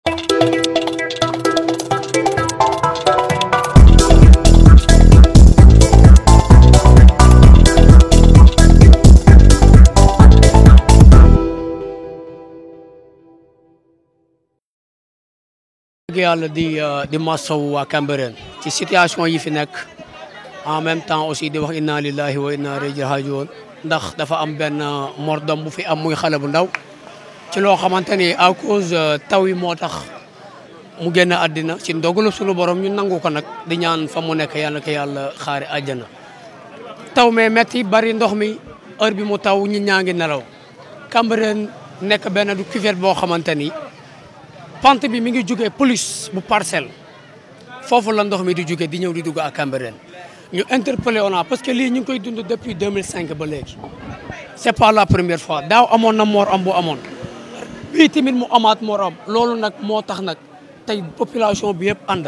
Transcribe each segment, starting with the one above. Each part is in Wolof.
dëgg yàlla di euh, di masaw waa Cambérène ci situation yi fi nekk en même temps aussi di wax inna lillahi wa inna ilayhi rajiun ndax dafa am benn euh, mordom bu fi am muy xale bu ndaw ci loo xamante ni à cause euh, taw yi moo tax mu génn àddina ndog ndogalu sulu borom ñu nangu ko nag di ñaan fa mu nekk yàlla ko yàlla xaari àjjana. taw mee metti bari ndox mi heure bi mu taw ñi ñaa ngi nelaw Cambérène nekk benn du cuvette boo xamante ni pente bi mu ngi jugee police bu parcelle foofu la ndox mi di jugee di ñëw di dugg ak Cambérène ñu interpellé on a parce que lii ñu ngi koy dund depuis 2005 ba léegi c'est pas la première fois daaw amoon na moor am bu amoon. bii tamit mu amaat moroom loolu nag moo tax nag tey population bi yëpp ànd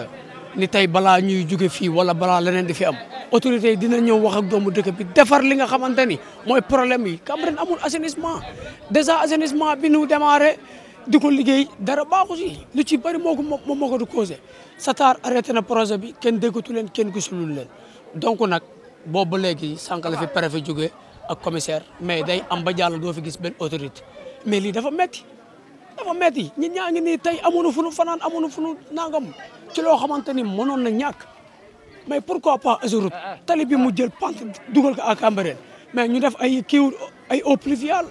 ni tey balaa ñuy jóge fii wala balaa leneen di fi am autorité yi dina ñëw wax ak doomu dëkk bi defar li nga xamante ni mooy problème yi Cambérène amul assainissement déjà assainissement bi nu démarré di ko liggéey dara baaxu si lu ci bëri moo ko moom moo ko di causé Satar arrêté na projet bi kenn déggatu leen kenn gisulul leen donc nag boobu ba léegi sànq la fi préfet jógee ak commissaire mais day am ba jàll doo fi gis benn autorité mais lii dafa metti dafa metti ñi ñaa ngi nii tey amuñu fu nu fanaan amuñu fu nu nangam ci loo xamante moo noon na ñàkk mais pourquoi pas Azoroute tali bi mu jël pente dugal ko ak Cambérène mais ñu def ay kii ay eaux pluviales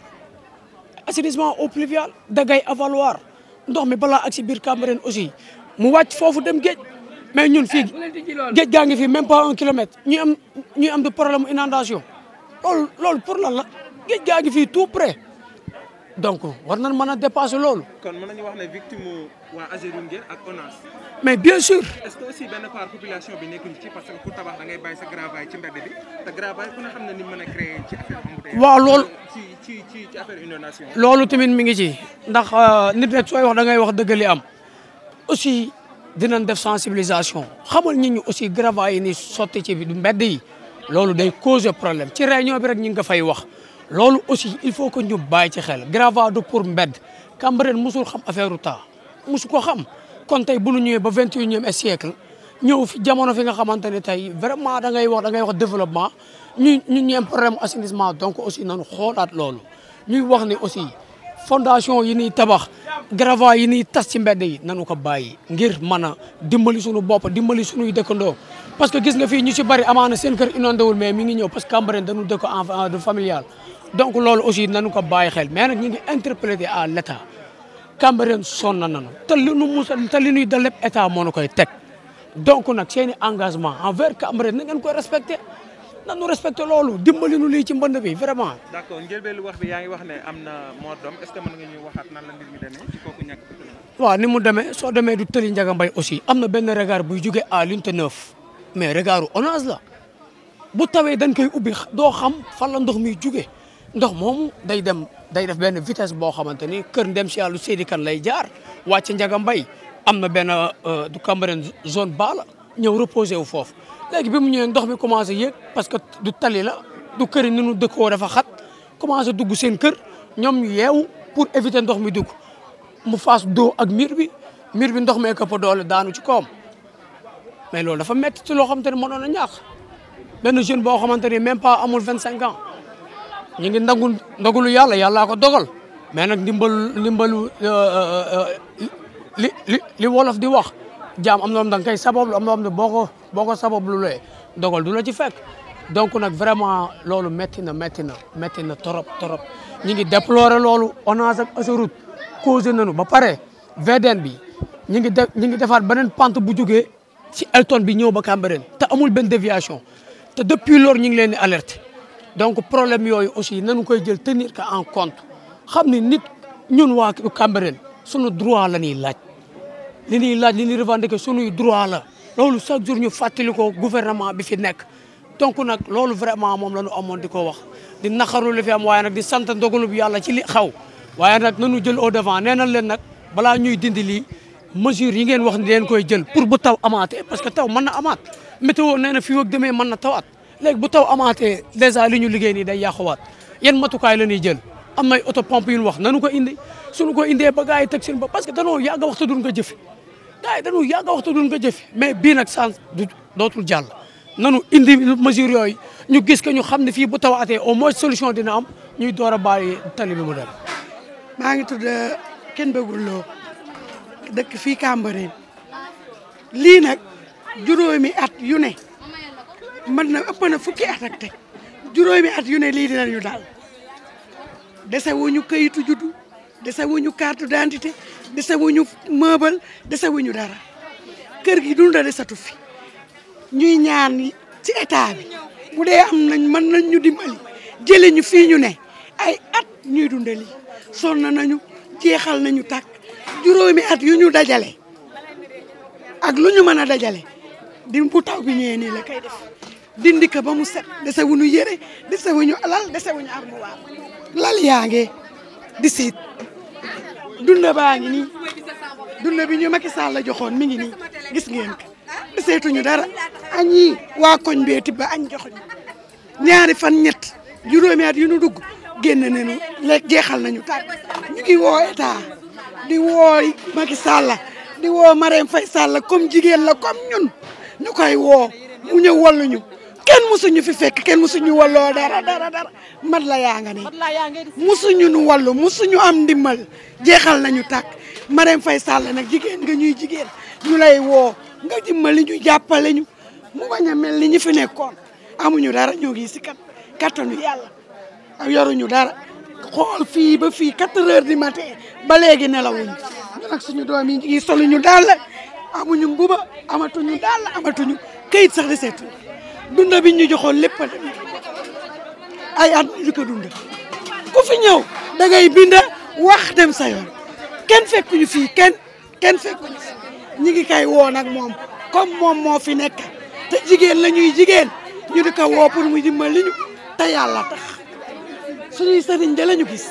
assainissement eaux pluviales dagay avaloir ndox mi balaa ak si biir Cambérène aussi mu wàcc foofu dem géej mais ñun fii géej gaa ngi fii même pas un kilomètre ñu am ñu problème inondation loolu loolu pour lan la géej gaa ngi fii tout près donc war nañ mën a dépasser loolu. kon mën nañu wax ne victime waa Ageroute ngeen mais bien sûr. est-ce que aussi population bi nekkuñu ci parce que pour tabax da ngay bàyyi sa gravaay ci mbedd bi te gravaay na ni mën a ci loolu ci ci loolu tamit mi ngi ci ndax euh, nit rek sooy wax da ngay wax dëgg li am aussi dinañ def sensibilisation xamal ñi ñi aussi gravaay yi ni sotti ci mbedd yi loolu day causer problème ci réunion bi rek ñu ngi ko fay wax. loolu aussi il faut que ñu bàyyi ci xel Gravats du pour mbedd Cambérène musul xam affaire u temps musu ko xam kon tey bu ñu ñëwee ba vingt et e siècle ñëw fi jamono fi nga xamante ne tey vraiment dangay wax da ngay wax développement ñu ñu ñu am problème assainissement donc aussi nañu xoolaat loolu ñuy wax ni aussi fondation yi ñuy tabax Gravats yi ñuy tas ci mbedd yi nañu ko bàyyi ngir mën a dimbali suñu bopp dimbali suñuy dëkkandoo parce que gis nga fii ñu ci bari amaana seen kër inondé wul de familial donc loolu aussi nañu ko bàyyi xel mais nag ñu ngi interpréter à l' état Cambérène sonn nañu te li nu musa te li lépp état moo nu koy teg donc nag seen i engagement envers Cambérène na ngeen koy respecté na nu loolu dimbali nu lii ci mbënd bi vraiment. d' accord njëlbéelu wax bi yaa ngi wax ne am na moo d'homme est ce que mën nga ñuy waxaat nan la mbir mi demee ci mu demee soo demee du tëli Ndiaga Mbaye aussi am na benn regard buy jóge à l'unité neuf mais regardu ONAS la bu tawee dañ koy ubbi doo xam fan la ndox mi jugee. ndox moomu day dem day def benn vitesse boo xamante ni kër dem si yàllu Seydi Kane lay jaar wàcc Njaga Mbay am na benn euh, du Cambérène zone ba la ñëw reposé wu foofu léegi bi mu ñëwee ndox mi commencé yéeg parce que du tali la du kër yi ni dëkkoo dafa xat commencé dugg seen kër ñoom yeewu pour éviter ndox mi dugg mu fas doo ak miir bi miir bi ndox mee këpp doole daanu ci koom mais loolu dafa métti ci loo xamante ne mënoon a ñaax benn jeune boo xamante ne même pas amul vingt cinq ñu ngi nangul nangulu yàlla yàllaa ko dogal mais nag ndimbalu ndimbalu euh, euh, euh, li li wolof di wax jaam am na da nga koy sabablu am na am ne boo ko boo ko sabablu lee dogal du la ci fekk donc nag vraiment loolu métti na métti na métti na trop trop ñu ngi déplorer loolu ONAS ak Ageroute causé nañu ba pare VDN bi ñu ngi def ñu ngi defaat beneen pente bu jógee si Elton bi ñëw ba Cambérène te amul benn déviation te depuis lors ñu ngi leen di alerte donc problème yooyu aussi nañu koy jël tenir ko en compte xam ni nit ñun waa Cambérène sunu droit la ñuy laaj ni ñuy laaj li ñuy revendiquer sunuy droit la loolu chaque jour ñu fàttali ko gouvernement bi fi nekk donc nag loolu vraiment moom la ñu amoon di ko wax di naqaru li fi am waaye nag di sant ndogalub yàlla ci li xaw waaye nag nañu jël au devant nee nañ leen nag balaa ñuy dindi lii mesures yi ngeen wax ni leen koy jël pour bu taw amaatee parce que taw mën na amaat météo nee na fii ak demee mën na tawaat léegi bu taw amaatee dèjà li ñu liggéey nii day yàquwaat yan matukaay la ñuy jël am nay oto pompe yu ñu wax nanu ko indi suñu ko indee ba gars yi teg seen ba parce que danoo yàgg a waxta ko jëfe gars yi danoo yàgg a waxta duñ ko jëfe mais bii nag sans du dootul jàll nanu indi mesure yooyu ñu gis que ñu xam ne fii bu tawaatee au moins solution dina am ñuy door a bàyyi tali bi mu dem. maa ngi tudd euh, kenn bëggul loo dëkk fii Cambérène lii nag juróomi at yu ne. man na ëpp fukki at ak teg juróomi at yu ne lii dinañu daal desewuñu wuñu këyitu juddu dese wuñu carte d'identité dese wuñu meuble dara kër gi dunda desatu fi ñuy ñaan ci état bi bu dee am nañ mën nañ ñu dimbali jëlee ñu fii ñu ne ay at ñuy dundali sonn nañu jeexal nañu tàkk juróomi at yu ñu dajale ak lu ñu mën a dajale din bu taw bi ñëwee nii la kay def dindi ko ba mu set dese wuñu yëre dese wuñu alal dese wuñu lal yaa nge di siit dund baa ngi nii dund bi ñu Macky Sall la joxoon mi ngi nii gis ngeen deseetuñu dara añ yi waa koñ bee tibb añ joxuñu ñaari fan ñett juróomi at yu ñu dugg génn nañu lekk jeexal nañu tàkk ñu ngi woo état di woo Macky Sall di woo Marème Faye Sall comme jigéen la kom ñun ñu koy woo mu ñëw walluñu kenn musuñu fi fekk kenn musuñu walloo dara dara dara mat la yaa nga ne musuñu nu wallu musuñu am ndimmal jeexal nañu tàkk Marème fay Sall nag jigéen nga ñuy jigéen ñu lay woo nga dimbali ñu jàppale ñu mu bañ a mel ni ñu fi nekkoon amuñu dara ñoo ngi si kat kattanu yàlla yoruñu dara xool fii ba fii quatre heures du matin ba léegi nelawuñu ñu nag suñu doom yi ngi soluñu daal amuñu mbuba amatuñu daal amatuñu kayit sax reseetu dunda bi ñu joxoon lépp a ay at ñu ko dund ku fi ñëw da ngay bind wax dem sa yoon kenn fekkuñu fii kenn fekkuñu ñi ngi kay woo nag moom comme moom moo fi nekk te jigéen la ñuy jigéen ñu di ko pour mu dimbali ñu te yàlla tax suñuy sëriñ da lañu gis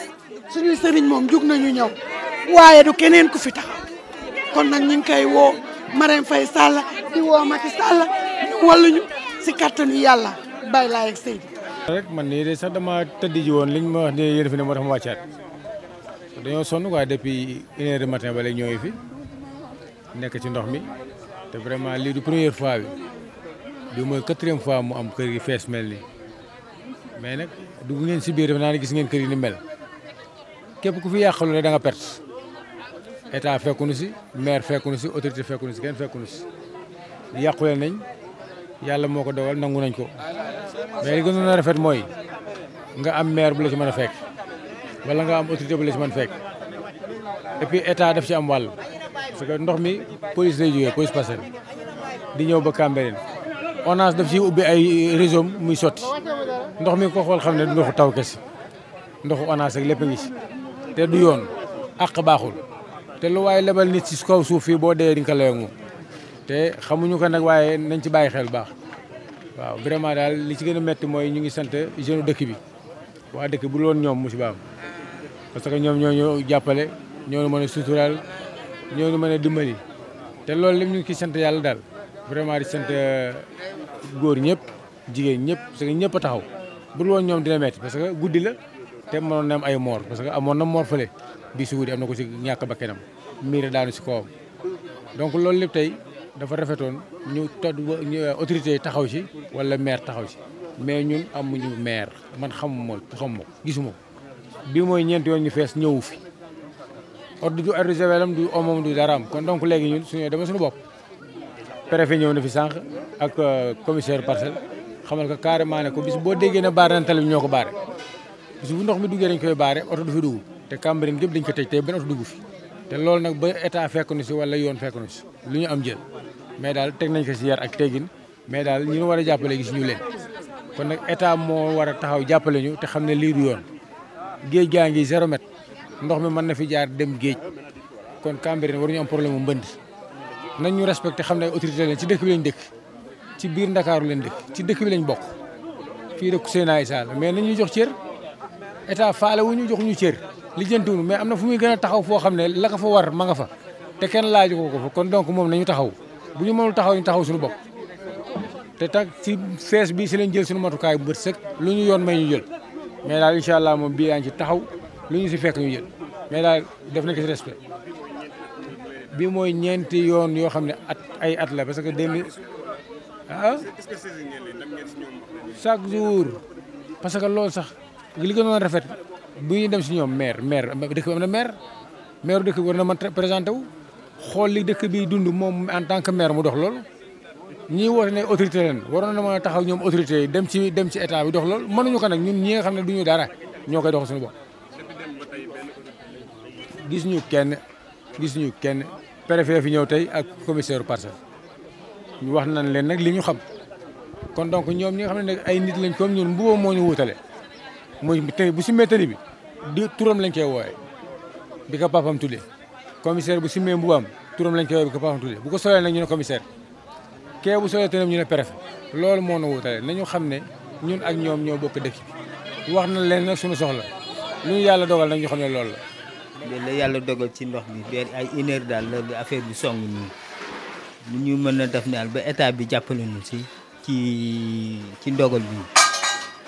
suñuy sëriñ moom jug nañu ñëw waaye du keneen ku fi taxaw kon nag ñu ngi koy woo Marème fa Sall di woo Macky Sall walluñu si kattanu yàlla bàyyi laa ak rek man nii de sax dama tëddi ji woon liñ ma wax ne yéen moo tax ma wàccaat dañoo sonn quoi depuis une heure du matin ñooy fi nekk ci ndox mi te vraiment lii du première fois bi bi mooy quatrième fois mu am kër gi fees mel nii mais nag dugg ngeen si biir defe naa ne gis ngeen kër yi ni mel képp ku fi yàqalu ne da nga état fekkunu si maire fekkunu si autorité fekkunu si kenn fekkunu si yàqule nañ yàlla moo ko dogal nangu nañ ko mais li gënoon a rafet mooy nga am maire bu la ci mën a fekk wala nga am autorité bu la ci man a fekk et puis état daf ci am wàll parce que ndox mi police lay jógee police Parcelles di ñëw ba Cambérène ONAS def ci ubbi ay réseau muy sotti ndox mi ko xool xam ne ndoxu taw kese ndoxu ONAS ak lépp a ngi ci te du yoon àq baaxul te lu waaye lebal nit ci kaw suuf fii boo dee di nga te xamuñu ko nag waaye nañ ci bàyyi xel baax waaw vraiment daal li ci gën a métti mooy ñu ngi sant jeune dëkk bi waa dëkk bu loon ñoom musiba parce que ñoom ñoo ñu jàppale ñoo mën a suturaal ñoo mën a dimbali te loolu lépp ñu ngi ciy sant yàlla daal vraiment di sant euh, góor ñëpp jigéen ñëpp parce que ñëpp a taxaw bu loon ñoom dina métti parce que guddi la te mënoon na ay moor parce que amoon na moor fële bi si wuti am na ko si ñàkk ba kenam miir daanu si kawam donc loolu lépp tey dafa rafetoon ñu todd euh, autorité yi taxaw si wala maire taxaw si mais ñun amuñu maire man xamuma xamuma gisuma bi mooy ñeenti yoon ñu fees ñëwu fi ordre du ordre javelam du omam du daraam kon donc léegi ñun suñu dama suñu bopp préfet ñëw na fi sànq ak euh, commissaire parcelle xamal ko carrément ne ko bis boo déggee ne baare nan ñoo ko baare bis bu ndox mi duggee dañ koy baare oto du fi dugg te Cambérène gépp dañ ko tëj tey benn oto dugg fi te loolu nag ba état fekk si wala yoon fekk na si lu ñu am jël mais daal teg nañ ko si yar ak teggin mais daal ñu war a jàppale gis ñu leen kon nag état moo war a taxaw jàppale ñu te xam ne lii yoon géej gaa ngi zéro ndox mi mën na fi jaar dem géej kon Cambérène waruñu am problème mu mbënd nañ ñu respecté xam ne autorité leen ci dëkk bi lañ dëkk ci biir Ndakaaru leen dëkk ci dëkk bi lañ bokk fii dëkk Seydina Issa mais nañ jox cër état faale wu ñu jox ñu lijjantiwul mais am na fu muy gën a taxaw foo xam ne lakk ko fa war ma nga fa te kenn laaju ko ko fa kon donc moom nañu taxaw bu ñu mënul taxaw ñu taxaw suñu bokk te tak si fees bi si lañ jël suñu matukaay bu bët sëkk lu ñu yoon may ñu jël mais daal incha allah moom bii daañu ci taxaw lu ñu si fekk ñu mais daal def na ko bi mooy ñeenti yoon yoo xam ne at ay at parce que demi ah parce que loolu sax gi li gënoon rafet bu ñu dem si ñoom maire maire dëkk bi am na maire maire dëkk bi war na mën présenté wu xool li dëkk bi dund moom en tant que maire mu dox loolu ñiy woote ne autorité leen waroon na mën taxaw ñoom autorité yi dem ci dem ci état bi dox loolu mënuñu ko ñun ñi nga xam ne du ñu dara ñoo koy doxal suñu bopp. gis ñu kenn gis ñu kenn préfet fi ñëw tey ak commissaire parcelle ñu wax nañ leen nag li ñu xam kon donc ñoom ñi nga xam ne ay nit lañ comme ñun mbuba moo ñu wutale muy tey bu simmee tëri bi di turam lañ koy wooye bi ka papam tuddee commissaire bu simmee mbubaam turam lañ koy wooye bi ko papam tuddee bu ko solee nag ñu ne commissaire kee bu solee tëram ñu ne préfet loolu moo na wutale nañu xam ne ñun ak ñoom ñoo bokk dëkk bi wax na leen na suñu soxla lu ñu yàlla dogal nag ñu xam ne loolu la la yàlla dogal ci ndox mi benn ay une heure daal la affaire bi song ñu lu ñu mën a def daal ba état bi jàppale ñu si ci ci ndogal bi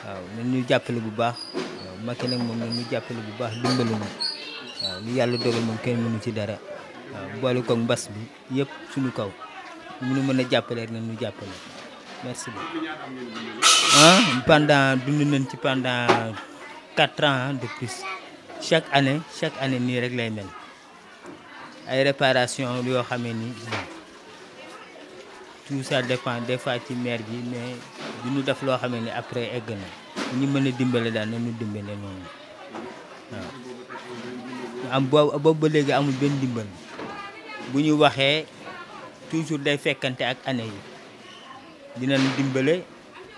waaw nañ ñu jàppale bu baax waaw Macky nag moom nañ ñu jàppale bu baax dimbali moom waaw lu yàlla dogal moom kenn mënu ci dara waaw boole koog mbas bi yëpp suñu kaw mënu mën a jàppale na nañ jàppale merci beaucoup. ah pendant dund nañ ci pendant quatre ans de plus chaque année chaque année nii rek lay mel ay réparation yoo xamee ni tout ça dépend des ci maire bi mais. du ñu def loo xamee ne après egg na ñu mën a dimbale daal na ñu dimbale noonu waaw ba léegi amul benn dimbal bu ñu waxee toujours day fekkante ak année yi dinañ dimbale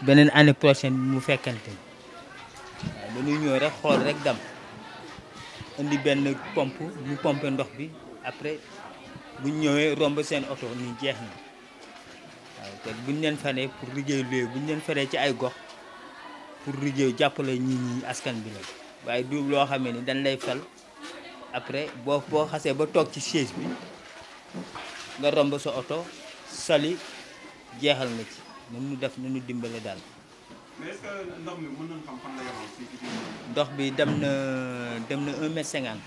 beneen année prochaine bi mu fekkante waaw dañuy ñëw rek xool rek dem indi benn pomp ñu pompe ndox bi après bu ñëwee romb seen oto ni jeex na waaw te buñ leen fenee pour liggéey luy buñ leen fenee ci ay gox pour liggéey jàppale ñi ñi askan bi la waaye du loo xamee ni dañ lay fal après boo boo xasee ba toog ci chaise bi nga romb sa oto sali jeexal na ci nu def nu dimbale daal. mais ndox bi dem na dem na un mètre 50.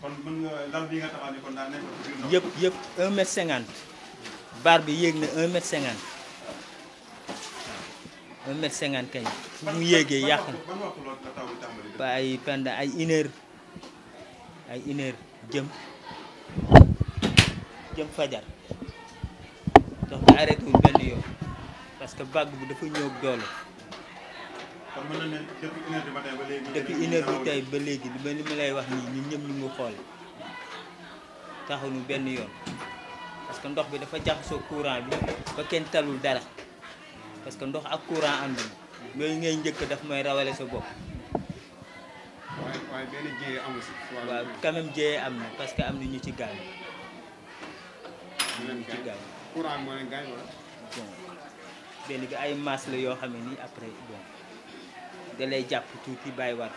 kon mën nga lal baar bi yéeg na 1 mètre 50 waaw 1 mètre 50 kañ fu mu yéegee yàq na ba ay pend ay une jëm jëm fajar ndox bi arrêté benn yoon parce que vague bi dafa ñëw doole. kon mën na ne depuis ba léegi. depuis une heure bi lay wax nii ñun ñëpp ñu ngi xool taxuñu benn yoon. que ndox bi dafa jaxasoo courant bi ba kenn talul dara parce que ndox ak courant am ànduñu yooyu ngay njëkk daf mooy rawale sa bopp. benn jéeye amu si. waaw quand jéeye am na parce que am na ñu ci gaañ. ñu ci gaañ courant benn gi ay masse la yoo xam ne nii après bon da jàpp tuuti bàyyiwaat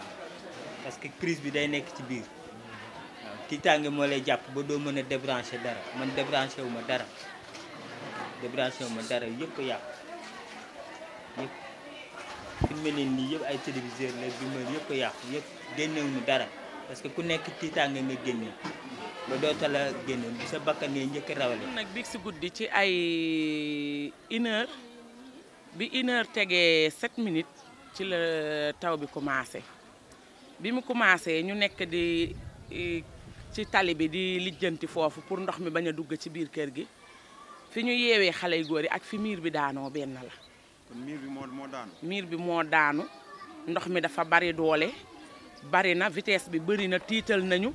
parce que crise bi day nekk ci biir. tiitaange moo lay jàpp ba doo mën a débranché dara man débranché wu ma dara débranché wu ma dara yëpp yàq yëpp fi yëpp ay téléviseur la bi ma yëpp yàqu yëpp dara parce que ku nekk tiitaange nga génne ba doota la génne bu sa bakkanee njëkk rawale nag sa si guddi ci ay une heure bi une heure tegee sept minutes ci la taw bi commencé mu commencé ñu nekk di ci tali bi di lijjanti foofu pour ndox mi bañ a dugg ci biir kër gi fi ñu yeewee xale yu góor yi ak fi miir bi daanoo benn la. kon miir bi moo daanu. miir bi moo daanu ndox mi dafa bari doole bari na vitesse bi bari na tiital nañu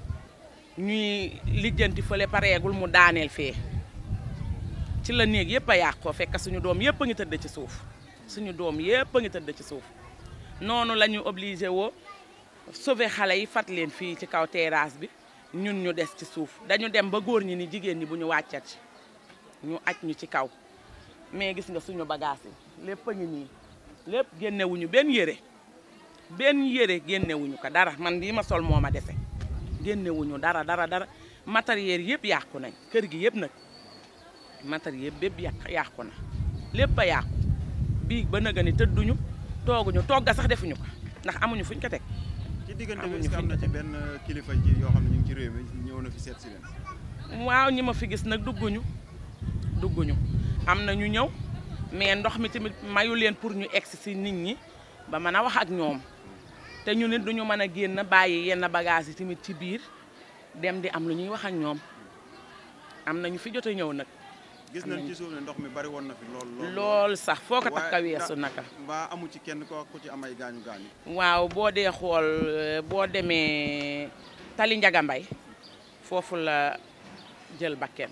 ñuy lijjanti fële pareegul mu daaneel fee ci la néeg yëpp a yàqoo fekk suñu doom yëpp a ngi tëdd ci suuf suñu doom yëpp a ngi tëdd ci suuf noonu lañu ñu woo sauver xale yi fat leen fii ci kaw teraas bi. ñun ñu des ci suuf dañu dem ba góor ñi ni jigéen ñi bu ñu wàccat ñu aj ñu ci kaw mais gis nga suñu bagage yi lépp a nii lépp génnewuñu benn yére benn yére génnewuñu ko dara man lii ma sol moo ma dese génnewuñu dara dara dara matériel yëpp yàqu nañ kër gi yëpp nag matériel bépp yàq yàqu na lépp a yàqu bii ba naga ni tëdduñu tooguñu togga sax defuñu ko ndax amuñu fuñ ko teg diggante bi am na ci benn euh, kilifa ji yoo xam ne ñu ngi ci réew mi ñëw na fi seet si leen. waaw ñi ma fi gis nag dugguñu dugguñu am na ñu ñëw mais ndox mi tamit mayu leen pour ñu egsi si nit ñi ba mën a wax ak ñoom te ñu nit duñu mën a génn bàyyi yenn bagage yi tamit ci biir dem di am na ñuy wax ak ñoom am na ñu fi jot a ñëw nag. gis nañ ci suuf ne ndox mi bari woon na fi lool lool sax foo ko takka weesu naka waa amu ci kenn ko ku ci am ay gaañu gaañu waaw boo dee xool boo demee tali njagambay foofu la jël bakken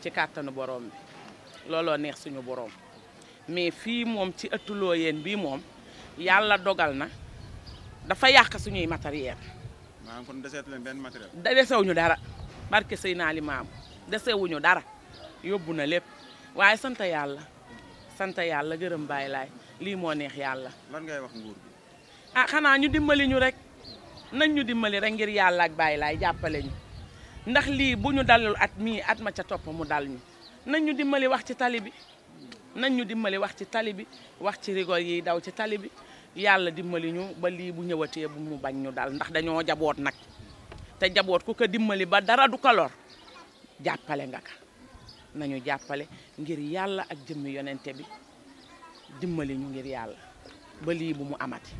ci kàttanu borom bi looloo neex suñu borom mais fii moom ci ëttu bii moom yàlla dogal na dafa yàq suñuy matériel maanaam kon deseetu leen benn matériel da desewuñu dara barke sëy naa li maam desewuñu dara yóbbu na lépp waaye sant yàlla sant yàlla gërëm bàyyi laay lii moo neex yàlla. lan ngay wax nguur bi. Ah, xanaa ñu dimbali ñu rek nañ ñu dimbali rek ngir yàlla ak laay jàppale ñu ndax lii bu ñu dalul at mii at ma ca topp mu dal ñu nañ ñu dimbali wax ci tali bi nañ ñu dimbali wax ci tali bi wax ci rigol yi daw ci tali bi yàlla dimbali ñu ba lii bu ñëwatee bu mu bañ ñu dal ndax dañoo jaboot nag te jaboot ku ko dimbali ba dara du ko lor jàppale nga ka nañu jàppale ngir yàlla ak jëmmi yonente bi dimbali ngir yàlla ba lii bu mu amati